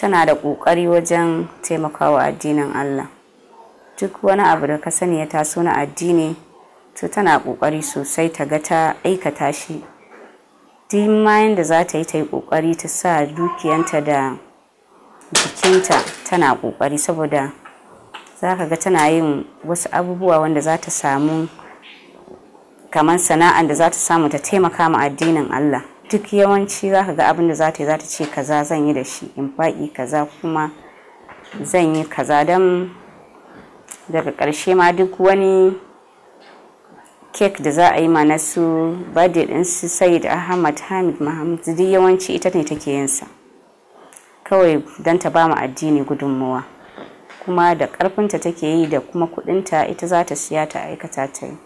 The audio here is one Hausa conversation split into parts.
tana da ƙoƙari wajen taimakawa addinin Allah duk wani abu da ka sani ya taso na addini to tana ƙoƙari sosai ta ga ta aikata shi duk ma da za ta yi ta yi ƙoƙari ta sa dukiyanta da jikinta tana ƙoƙari saboda za ka ga tana yin wasu abubuwa wanda za ta samu kamar sana'an da za ta samu ta taimaka ma addinin Allah duk yawanci za ka ga abin da za ta yi za ta ce kaza zan yi da shi in faɗi kaza kuma zan yi kaza don daga ƙarshe ma duk wani kek da za a yi ma na su birthday din su da ahmad hamid mahamud duk yawanci ita ne take yin sa kawai don ta ba mu addini gudunmuwa kuma da ƙarfinta take yi da kuma kuɗinta ita za ta siya ta aikata ta yi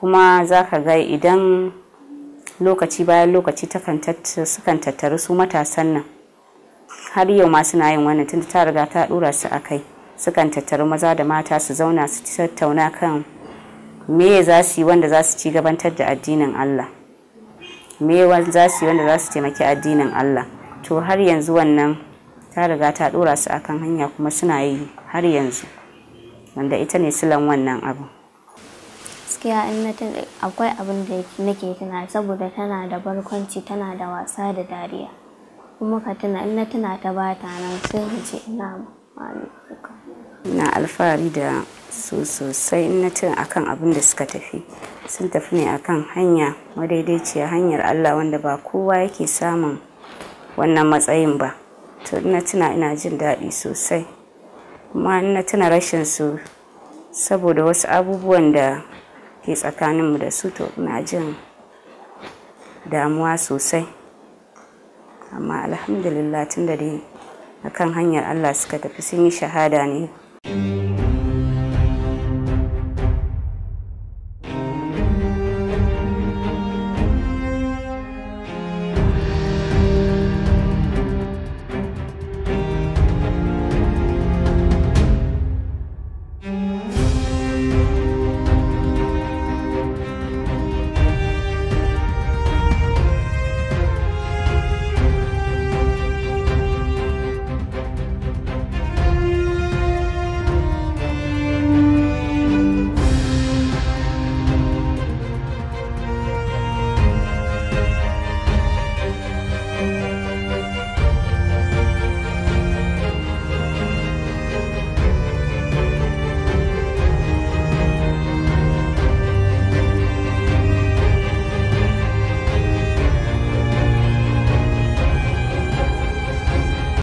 kuma za ka ga idan lokaci bayan lokaci sukan tattaru su matasan nan har yau ma suna yin wannan tunda ta riga ta dora su a kai sukan tattaru maza da mata su zauna su tattauna kan me za su yi wanda za su ci gabantar da addinin Allah me za su yi wanda za su taimaki addinin Allah to har yanzu wannan ta riga ta dora su akan hanya kuma suna yi har yanzu wanda ita ne silan wannan abu gaskiya in na akwai abin da nake tuna saboda tana da barkwanci tana da wasa da dariya kuma ka tuna in na tuna ta ba ta nan sai ka ce ina na alfahari da su sosai in na tuna akan abin da suka tafi sun tafi ne akan hanya madaidaiciya hanyar Allah wanda ba kowa yake samun wannan matsayin ba to ina tuna ina jin daɗi sosai kuma ina tuna rashin su saboda wasu abubuwan da ke tsakaninmu da su to ina jin damuwa sosai amma alhamdulillah tun da dai kan hanyar allah suka tafi sun yi shahada ne